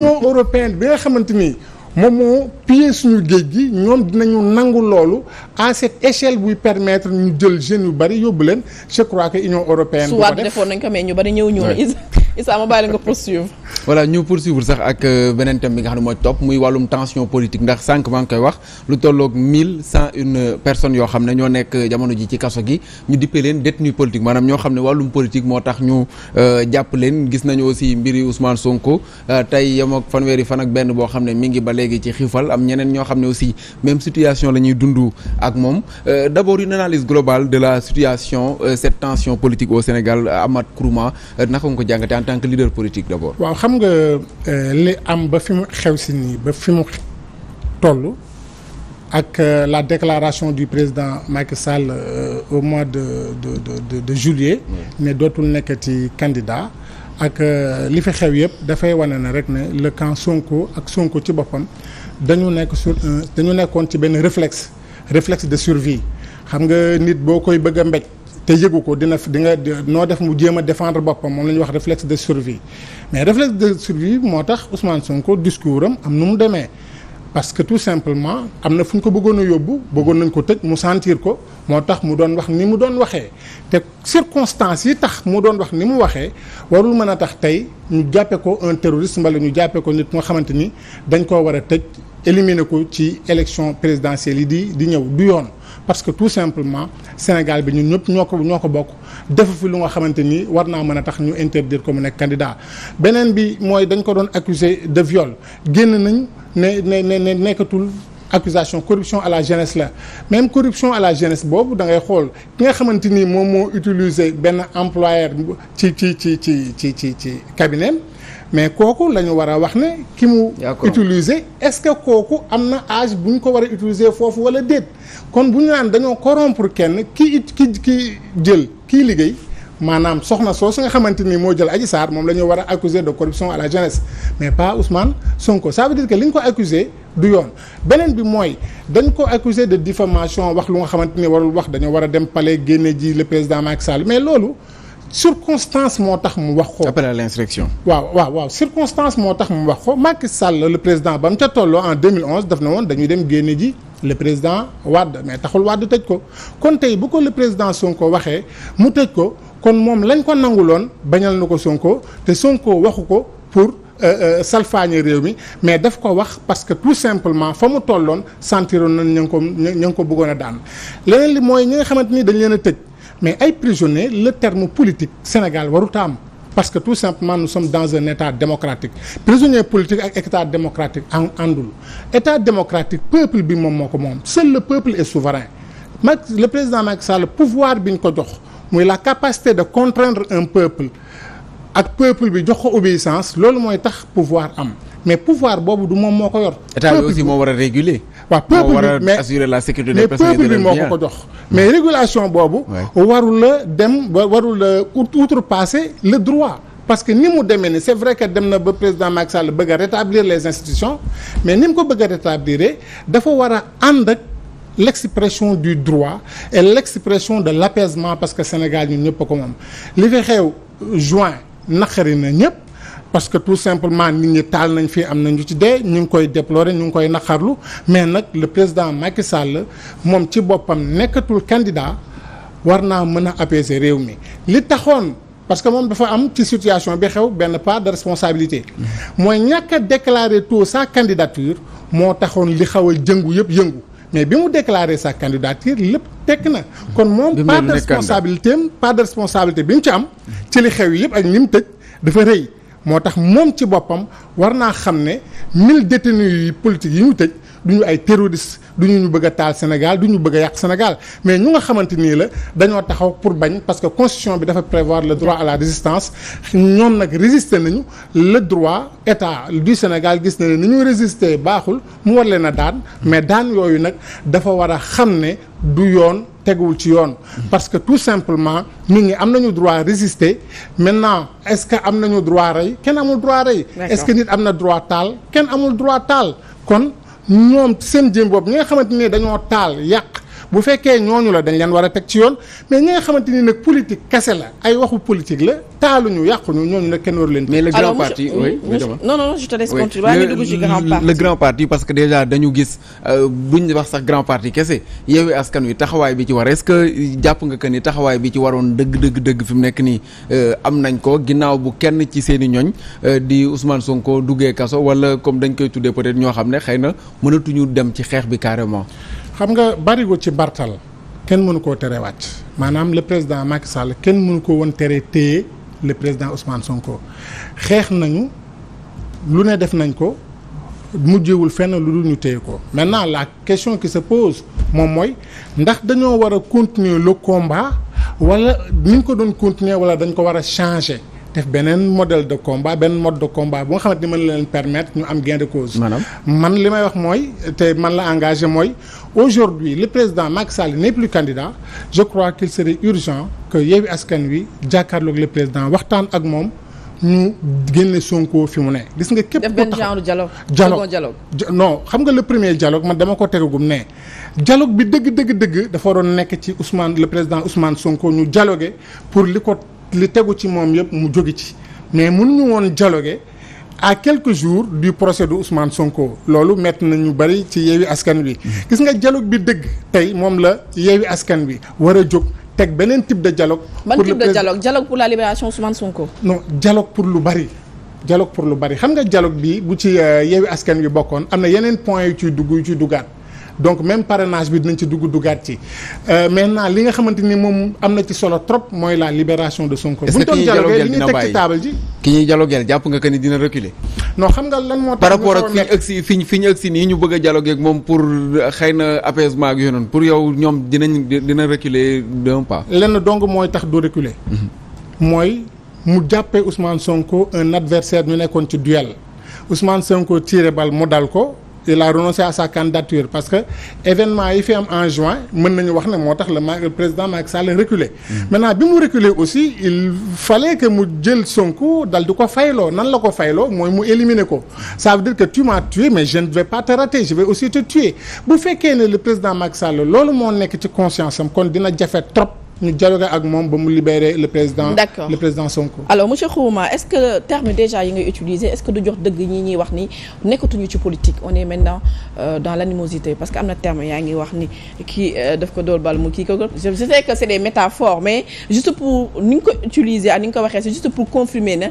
union européenne bi nga xamante ni moom moo pillé suñu géej gi ñoom dinañu nangu loolu à cette échelle buy permettre ñu jël jeunes yu bari yóbbu leen je crois que union européenne. bu ko su waat defoon nañ ko mais ñu bari ñëw ñu. Issa ma bàyyi la nga poursuivre. voilà ñu poursuivre sax ak euh, beneen thème bi nga xam ne mooy topp muy wàllum tension politique ndax sànq maa ngi koy wax lu tolloog mille cent une personnes yoo xam ne ñoo nekk jamono ji ci kaso gi ñu dippee leen détenu politique maanaam ñoo xam ne wàllum politique moo tax ñu euh, jàpp leen gis nañu aussi mbiri Ousmane Sonko euh, tey yem ak fanweeri fan ak benn boo xam ne mi ngi ba léegi ci xiifal am ñeneen ñoo xam ne aussi même situation la ñuy dund ak moom d'abord une analyse globale de la situation cette tension politique Sénégal Amath Kourouma naka nga ko jàngatee tant que leader politique d'abord. waaw xam nga euh, li am ba fi mu xew si nii ba fi mu toll ak euh, la déclaration du président Macky Sall euh, au mois de de de de, de juillet. ne dootul nekkati candidat. ak euh, li fi xew yëpp dafay wane na rek ne le camp Sonko ak Sonko ci boppam dañu nekk sur dañu nekkoon ci benn réflexe réflexe de survie xam nga nit boo koy bëgg a mbéj. te yëgu ko dina di nga noo def mu jéem a défendre boppam moom la ñuy wax réflexe de survie mais réflexe de survie moo tax Ousmane Sonko discours am am nu mu demee. parce que tout simplement am na fu ñu ko bëggoon a yóbbu bëggoon nañ ko tëj mu sentir ko moo tax mu doon wax ni mu doon waxee te circonstances yi tax mu doon wax ni mu waxee warul mën a tax tey ñu jàppe ko un terroriste mbala ñu jàppe ko nit ku nga xamante ni dañ koo war a tëj éliminer ko ci élection présidentielle yi di di ñëw du yoon parce que tout simplement Sénégal bi ñun ñëpp ñoo ko ñoo ko bokk defu fi lu nga xamante ni war naa mën a tax ñu interdire ko mu nekk candidat beneen bi mooy dañ ko doon accusé de viol génn nañ ne ne ne ne nekkatul accusation corruption à la jeunesse la même corruption à la jeunesse boobu dangay xool ki nga xamante ni moom moo utiliser benn employeur ci ci ci ci ci ci ci cabinet mais kooku lañu ñu war a wax ne ki mu utiliser est-ce que kooku am na âge bu ñu ko war a utiliser foofu wala déet kon bu ñu naan dañoo corrompre kenn ki it ki ki jël kii liggéey maanaam soxna su nga xamante ni moo jël Adji Sarr moom la ñu war a accuser de corruption à la jeunesse mais pas Ousmane Sonko ça veut dire que li ñu ko accuser du yoon beneen bi mooy dañ ko accuser de diffamation wax lu nga xamante ni warul wax dañoo war a dem palais génne ji le président Macky Sall mais loolu circonstance moo tax mu wax ko. appel à l'insurrection. waaw waaw circonstance moo tax mu wax ko Macky Sall le président ba mu ca tolloo en 2011 daf na woon dañuy dem génne ji le président Wade mais taxul Wade tëj ko kon tey bu ko le président Sonko waxee mu tëj ko kon moom lañ ko nanguloon bañal na ko Sonko te Sonko waxu ko pour. Euh, euh, salfaañe réew mi mais daf ko wax parce que tout simplement fa mu tolloon sentiroon nañ ña ngi ko ña ngi ko bëggoon a daan leneen li mooy ñi nga xamante ni dañ leen a tëj mais ay prisonniers le terme politique Sénégal waruta am parce que tout simplement nous sommes dans un état démocratique prisonnier politique ak état démocratique en àndul état démocratique peuple bi moom moo ko moom seul le peuple est souverain mag le président Macky Sall pouvoir bi ñu ko jox mooy la capacité de contraindre un peuple ak peuple bi jox ko obéissance loolu mooy tax pouvoir am mais pouvoir boobu du moom moo ko yor. état bi moo war a réguler. waaw peuple moo war a assurer la sécurité des personnes mais peuple bi moo ko ko jox. mais régulation boobu. warul la dem ba warul la outrepasser le droit. parce que ni mu demee ni c'est vrai que dem na ba président Macky Sall bëgg a rétablir les institutions mais ni mu ko bëgg a rétablir dafa war a ànd ak l'expression du droit et l'expression de l'apaisement parce que Sénégal ñun ñëpp a ko moom li fi xew juin naqari na ñëpp. parce que tout simplement nit ñi taal nañ fii am nañu ci dee ñu ngi koy déplorer ñu ngi koy naqarlu mais nag le président Macky Sall moom ci boppam nekkatul candidat war naa mën a apaiser réew mi li taxoon parce que moom dafa am ci situation bi xew benn part de responsabilité mooy ñàkk a déclarer tout sa candidature moo taxoon li xaw a jëngu yëpp yëngu mais bi mu déclarer sa candidature lépp tekk na kon moom part de responsabilité am part de responsabilité bi mu ci am ci xew yëpp ak ni mu tëj dafa rëy moo tax moom ci boppam war naa xam ne mille détenus yi politique yi ñu tëj du ñu ay terroriste du ñu ñu bëgg a taal Sénégal du ñu bëgg a yàq Sénégal mais ñu nga xamante nii la dañoo taxaw pour bañ parce que constitution bi dafa prévoir le droit à la résistance ñoom nag résister nañu le droit état du Sénégal gis na ne ni ñu résister baaxul mu war leen a daan mais daan yooyu nag dafa war a xam ne du yoon teguwul ci yoon parce que tout simplement nit ngi am nañu droit résister maintenant est-ce que am nañu droit rey kenn amul droit rey est-ce que nit am na droit taal kenn amul droit taal kon ñoom seen jëm bopp ñi nga xamante ne dañoo taal yàq bu fekkee ñooñu la dañ leen war a teg ci yoon mais ñi xamante ni nag politique kese la ay waxu politique la taalu ñu yàqu ñu ñooñu nag kenn waru leen. mais le grand parti oui non non je te laisse continuer waaye dugg ci grand parti le grand parti parce que déjà dañu gis buñ euh, wax sax grand parti kese Yewwi Askan Wi taxawaay bi ci war est jàpp nga que ni taxawaay bi ci waroon dëgg dëgg dëgg fi mu nekk nii euh, am nañ ko ginnaaw bu kenn ci seen i ñoñ euh, di Ousmane Sonko duggee kaso wala comme dañ koy tuddee peut-être ñoo xam ne xëy na mënatuñu dem ci xeex bi carrément xam nga barigo ci bartal kenn mënu koo teree wàcc maanaam le président Macky Sall kenn mënu ko woon teree téye le président Ousmane Sonko xeex nañu lu ne def nañ ko mujjewul fenn lu dul ñu téye ko maintenant la question ki se pose moom mooy ndax dañoo war a continuer le combat wala niñ ko doon continuer wala dañ ko war a changer. def beneen modèle de combat benn mode de combat bu nga xamante ni mën na leen permettre ñu am gain de cause. man li may wax mooy te man la engagé mooy aujourd'hui le président Macky Sall n'est plus candidat je crois qu'il serait urgent que Yewwi Askan Wi jàkkaarloog le président waxtaan ak moom. ñu génne Sonko fi mu ne. gis nga képp ku taxaw def benn genre non xam nga le premier dialogue man dama ko tegagum ne. dialogue bi dëgg dëgg dëgg dafa waroon nekk ci Ousmane la président Ousmane Sonko ñu dialogué pour li ko. li tegu ci moom yëpp mu jóge ci mais mënuñu woon jaloge à quelque jours du procès de Ousmane Sonko loolu métti na ñu bëri ci yeewi askan wi. gis nga dialogue bi dëgg tey moom la yeewi askan wi war a jóg teg beneen type de dialogue. ban type de dialogue dialogue pour la libération Ousmane Sonko. non dialogue pour lu bari dialogue pour lu bari xam nga dialogue bi bu ci euh, yeewi askan wi bokkoon am na yeneen points yu ciy dugg yu ciy duggaat. donc même parrainage bi dinañ ci dugg duggaat ci euh, maintenant li nga xamante ni moom am na ci solo trop mooy la libération de Sonko. est ce que ki table ji. ki ñuy dialogué jàpp nga que ni dina reculer. xam nga lan moo tax par ak fi ñu ñu fi ñu ëgg si nii ñu a dialogué moom pour euh, xëy na apaisement ak yonoon pour yow ñoom dinañ dina reculer d'un pa lenn dong mooy tax du reculer. Mhm. mooy mu jàppee Ousmane Sonko un adversaire ñu nekkoon ci duel Ousmane Sonko tiré bal mu dal ko. il a renoncé à sa candidature parce que événement yi fi am en juin mën nañu wax ne moo tax la ma le président Macky Sall reculé. Mm. maintenant bi mu réculer aussi il fallait que mu jël Sonko dal di ko fayloo nan la ko fayloo mooy mu éliminer ko ça veut dire que tu m'as mais je ne vais pas te je vais aussi te tuer bu fekkee ne le président Macky Sall loolu moo nekk ci conscience am kon dina jafe trop. ñu dialogué ak moom ba mu libérer le président. le président Sonko. alors monsieur Xuruma est-ce que terme déjà yi ngay utiliser est-ce que du jox dëgg ñi ñuy wax ni nekkatuñu ci politique on est maintenant euh, dans l'animosité parce que am na terme yaa ngi wax ni euh, ko dool bal mu kii ko. je sais mais juste pour ni nga ko utiliser ak ni nga ko waxee c'est juste pour confirmer na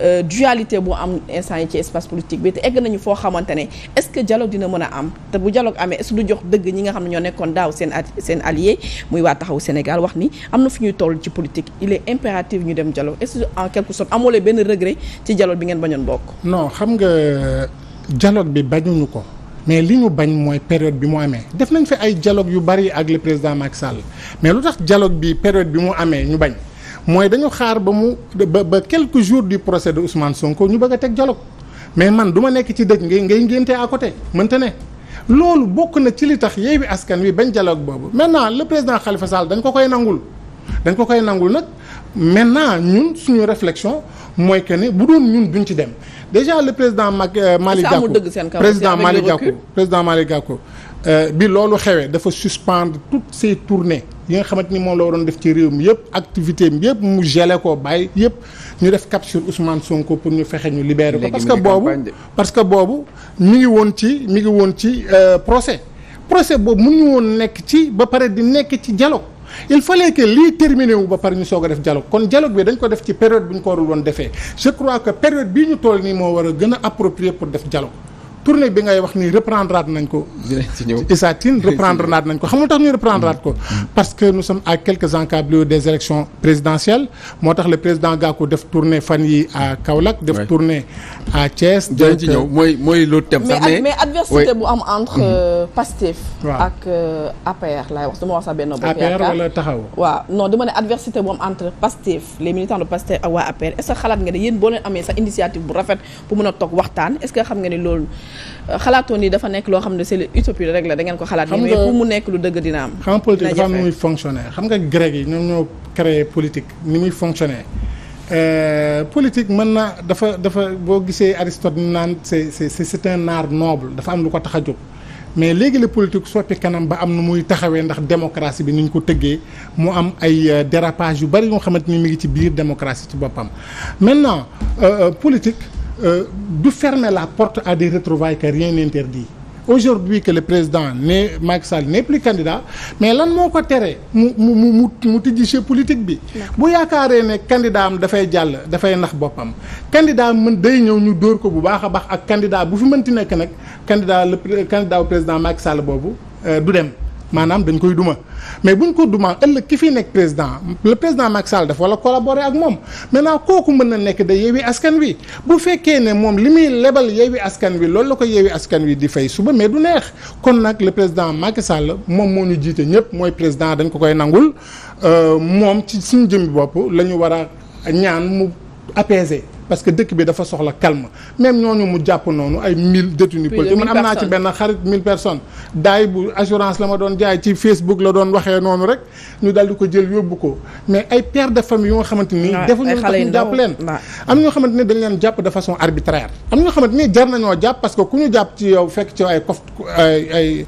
euh, dualité bu am instant yi ci espace politique bi te egg nañu foo xamante ne est-ce que dialogue dina mën a am te bu dialogue amee est-ce du jox dëgg ñi nga xam ne ñoo nekkoon daaw seen seen allié muy waa taxaw Sénégal wax ni. am na fu ñuy toll ci politique il est impératif ñu dem dialogue est en quelque sorte amoo leen benn regret ci dialogue bi ngeen bañoon bokk. non xam nga dialogue bi bañuñu ko. mais li ñu bañ mooy période bi mu amee def nañ fi ay dialogue yu bari ak le président Macky Sall mais lu tax dialogue bi période bi mu amee ñu bañ mooy dañu xaar ba mu ba ba quelque jours du procès de Ousmane Sonko ñu bëgg a teg dialogue mais man du ma nekk ci dëj ngay ngay ngénte à côté mënta ne. loolu bokk na ci li tax Yewwi Askan Wi bañ dialogue boobu maintenant le président xalifa Sall dañ ko koy nangul dañ ko koy nangul nag maintenant ñun suñu réflexion mooy que ni bu doon ñun duñ ci dem déjà le président mag euh, Malick Gakou président mali Gakou président Malick Gakou Euh, bi loolu xewee dafa suspendre toutes ses tournées yi nga xamante ni moom la waroon def ci réew mi yëpp activité bi mu gelé ko bàyyi yëpp ñu def capture Ousmane Sonko pour ñu fexe ñu libérer ko parce que boobu parce que boobu mi ngi woon ci mi ngi woon ci euh, procès procès boobu mu ñu woon nekk ci ba pare di nekk ci dialogue il fallait que lii terminé wu ba pare ñu soog a def dialogue kon dialogue bi dañ ko def ci période bu ñu ko warul woon defee je crois que période bii ñu toll nii moo war a gën a approprié pour def dialogue tournée bi ngay wax nii reprendre nañ ko. Issa Tine reprendre naat nañ ko xam nga tax ñuy reprendre naat ko. Mm-hmm. Mm-hmm. parce que nous sommes à quelques encablures des élections tax le président Gakou def def tournée à Thiès. jërëjëf ci ñëw euh, mooy mooy l'autre thème sax mais mais adversité bu am mm-hmm. euh, ak euh, APR laay wax dama wax sax benn bopp APR wala taxaw. waaw non dama ne adversité bu am entre Pastef bu rafet bu mën a toog waxtaan que xam nga ne loolu. xalaatoon ni dafa nekk loo xam ne c'est utopie rek la da ngeen ko xalaat. xam mu nekk lu dëgg dina am. xam nga politique dafa am ni muy fonctionner xam nga grec yi ñoom ñoo créé politique ni muy fonctionner. Euh, politique mën na dafa dafa boo gisee Aristote naan c'est c'est c'est un art noble dafa am lu ko tax a jóg. mais léegi la politique soppi kanam ba am nu muy taxawee ndax démocratie bi ni ñu ko tëggee mu am ay euh, dérapage yu bari yoo xamante ni mu ngi ci biir démocratie ci boppam maintenant euh, politique. euh, du fermer la porte à des retrouvailles que rien n'interdit aujourd'hui que le président ne Macky Sall n'est plus candidat mais lan moo ko tere mu mu mu mu si chez politique bi bu yaakaaree ne candidat am dafay jàll dafay ndax boppam candidat am mën day ñëw ñu dóor ko bu baax a baax ak candidat bu fi mënti nekk nag candidat le candidat au président Macky Sall boobu euh, du dem maanaam dañ koy duma mais buñ ko dumaa ëllëg ki fi nekk président le président Macky Sall dafa war a collaborer ak moom maintenant kooku mën na nekk da yeewi askan wi bu fekkee ne moom li muy lebal yeewi askan wi loolu la ko yeewi askan wi di fay suba mais du neex kon nag le président Macky moom moo ñu jiite ñëpp mooy président dañ ko koy nangul euh, moom ci suñu jëmbi bopp lañu war a ñaan mu apaiser parce que dëkk bi dafa soxla calme même ñooñu mu jàpp noonu ay mille détenus politiques man am naa ci benn xarit mille personnes daay bu assurance la ma doon jaay ci Facebook la doon waxee noonu rek ñu dal ko jël yóbbu ko mais ay pères de famille yoo nga xamante ni defuñu ñu jàpp leen parce que ku ñu jàpp ci yow fekk ci ay cof ay ay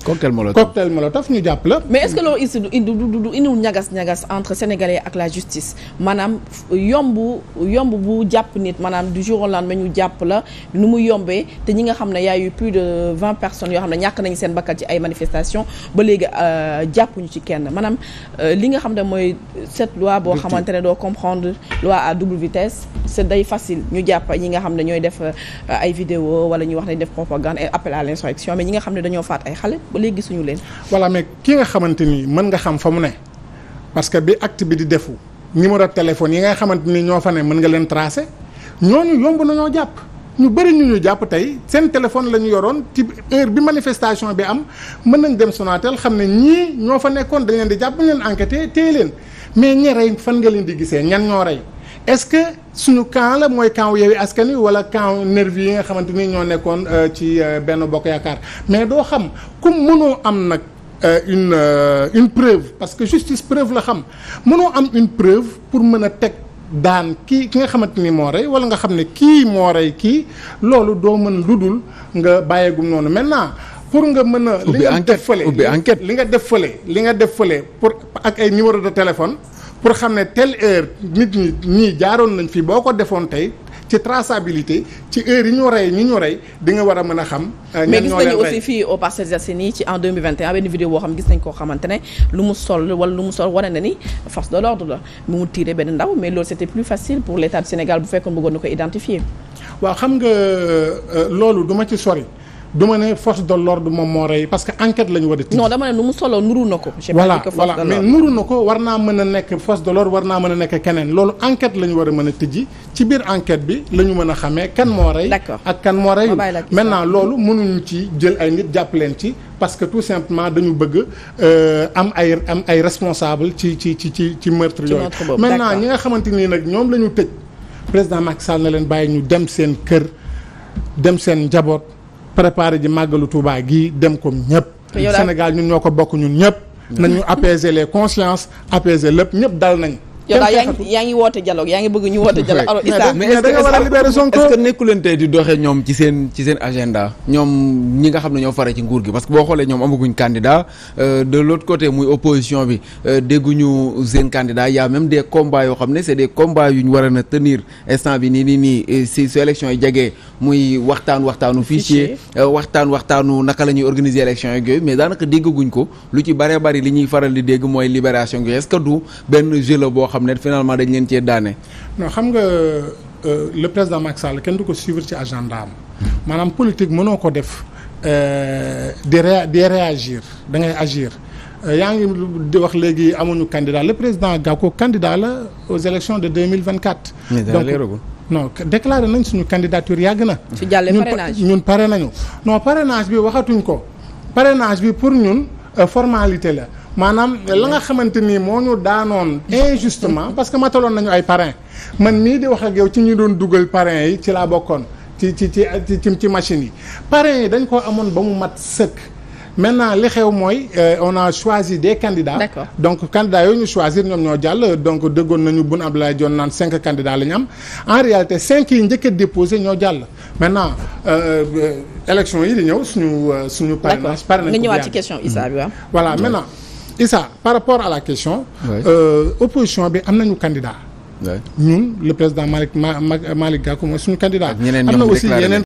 ñu jàpp la mais est indiwul ñagas ñagas entre sénégalais ak la justice maanaam yomb yomb bu jàpp nit maanaam du jour au ñu jàpp la nu mu yombee te ñi nga xam ne y a plus de vingt personnes yoo xam ne ñàkk nañu seen bakkan ci ay manifestations ba léegi euh, jàppuñu ci kenn maanaam euh, li nga xam ne mooy cette loi boo xamante ne doo comprendre loi à double vitesse c'est ñu jàpp ñi nga xam ne ñooy def euh, ay vidéo wala ñu wax ne def propagande et appel à l'insurrection mais ñi nga xam ne dañoo faat ay xale ba léegi suñu leen voilà mais ki nga xamante ni mën nga xam fa mu ne parce que bi acte bi di defu numéro téléphone yi nga xamante ni ñoo fa ne mën nga leen tracer ñooñu yomb nañoo jàpp ñu bëri ñu ñu jàpp tey seen téléphone la ñu yoroon ci heure bi manifestation bi am mën nañ dem Sonatel xam ne ñii ñoo fa nekkoon dañ leen di jàpp ñu leen enquêté téye leen mais ñi rey fan nga leen di gisee ñan ñoo rey est-ce que suñu camp la mooy camp Yewwi Askan Wi wala camp nervi yi nga xamante ni ñoo nekkoon euh, ci euh, benn bokk yaakaar mais doo xam comme mënoo am nag euh, une une preuve parce que justice preuve la xam mënoo am une preuve pour mën a teg. daan kii ki nga xamante ni moo rey wala nga xam ne kii moo rey kii loolu doo mën lu dul nga bàyyeegum noonu maintenant pour nga mën a. li nga def fële ubbi enquête li nga def fële li nga def fële pour ak ay numéro de téléphone pour xam ne tel heure nit ñi ñii jaaroon nañ fii boo ko defoon tey. ci traçabilité ci heure yi ñu rey ñi ñu rey di war a mën a xam. Euh, mais gis nañu aussi fii au Parcelles Assainies ci en 2021 benn vidéo boo xam gis nañ koo xamante ne lu mu sol wala lu mu sol wane na ni force de l'ordre la mu mu tiré benn ndaw mais loolu c'était plus facile pour l'état du Sénégal na ko identifier. waaw xam nga euh, euh, duma ci sori. duma ne force de l'ordre moo rey parce que enquête lañu war a tii. non dama ne nu mu solo nuru na ko. voilà voilà mais nuru na ko war naa mën a nekk force de war naa mën a nekk keneen loolu enquête lañu war a mën a ci biir enquête bi la ñu mën a xamee kan moo rey ak kan moo reyul maintenant loolu mënuñu ci jël ay nit jàpp leen ci parce que tout simplement dañu bëgg euh, am ay am ay responsable ci ci ci ci ci meurtre yooyu maintenant ñi nga xamante nii nag ñoom la ñu tëj président Macky Sall na leen bàyyi ñu dem seen kër dem seen njaboot préparé ji màggalu Touba gii dem ko ñëpp Sénégal ñun ñoo ko bokk ñun ñëpp nañu apaiser les consciences apaiser lépp ñëpp dal nañ yow daal yaa ngi yaa ngi woote dialogue yaa ngi bëgg ñu woote dialogue alors Issa mais que war tey di doxee ñoom ci seen ci agenda ñoom ñi nga xam ne ñoo fare ci nguur gi parce que boo xoolee ñoom amaguñ candidat euh, de l'autre côté muy opposition bi euh, dégguñu seen candidat yaa a même des combats yoo xam ne c'est des combats yu ñu na tenir instant bi nii nii nii si su élection yi jagee muy waxtaan waxtaanu fii fichier euh, waxtaan waxtaanu naka la ñuy organiser élection yooyu mais daanaka déggaguñ ko lu ci bare bari li ñuy faral di dégg mooy libération gi est du benn xam ne finalement dañ leen cee daane. non xam nga euh, le président Macky Sall kenn du ko suivre ci agenda maanaam politique mënoo ko def euh, di ré di réagir da ngay agir. Euh, yaa ngi di wax léegi amuñu candidat le président Gakou candidat la aux élections de 2024. donc non déclaré nañ suñu candidature yàgg na. su jàllee parrainage ñun pare nañu. non parrainage bi waxatuñ ko parrainage bi pour ñun formalité la. maanaam la nga xamante ni moo ñu daanoon injustement parce que mataloon nañu ay parrain man mii di wax ak yow ci ñu doon dugal parrain yi ci laa bokkoon ci ci ci ci ci machine yi parrain yi dañ koo amoon ba mu mat sëkk maintenant li xew mooy euh, on a choisi de candidats D'accord. donc candidats yooyu ñu choisir ñoom ñoo jàll donc dëggoon nañu Boun Abdallah Dionne naan cinq candidats la ñu am en réalité cinq yi njëkk a déposé ñoo jàll maintenant euh, euh, élection yi di ñëw suñu suñu parrainage pare nañ nga ñëwaat ci question Issa bi waaw voilà mm-hmm. maintenant Issa par rapport à la question. Euh, opposition bi am nañu candidat. ñun le président Malick Malick Gakou mooy suñu candidat. am na aussi yeneen.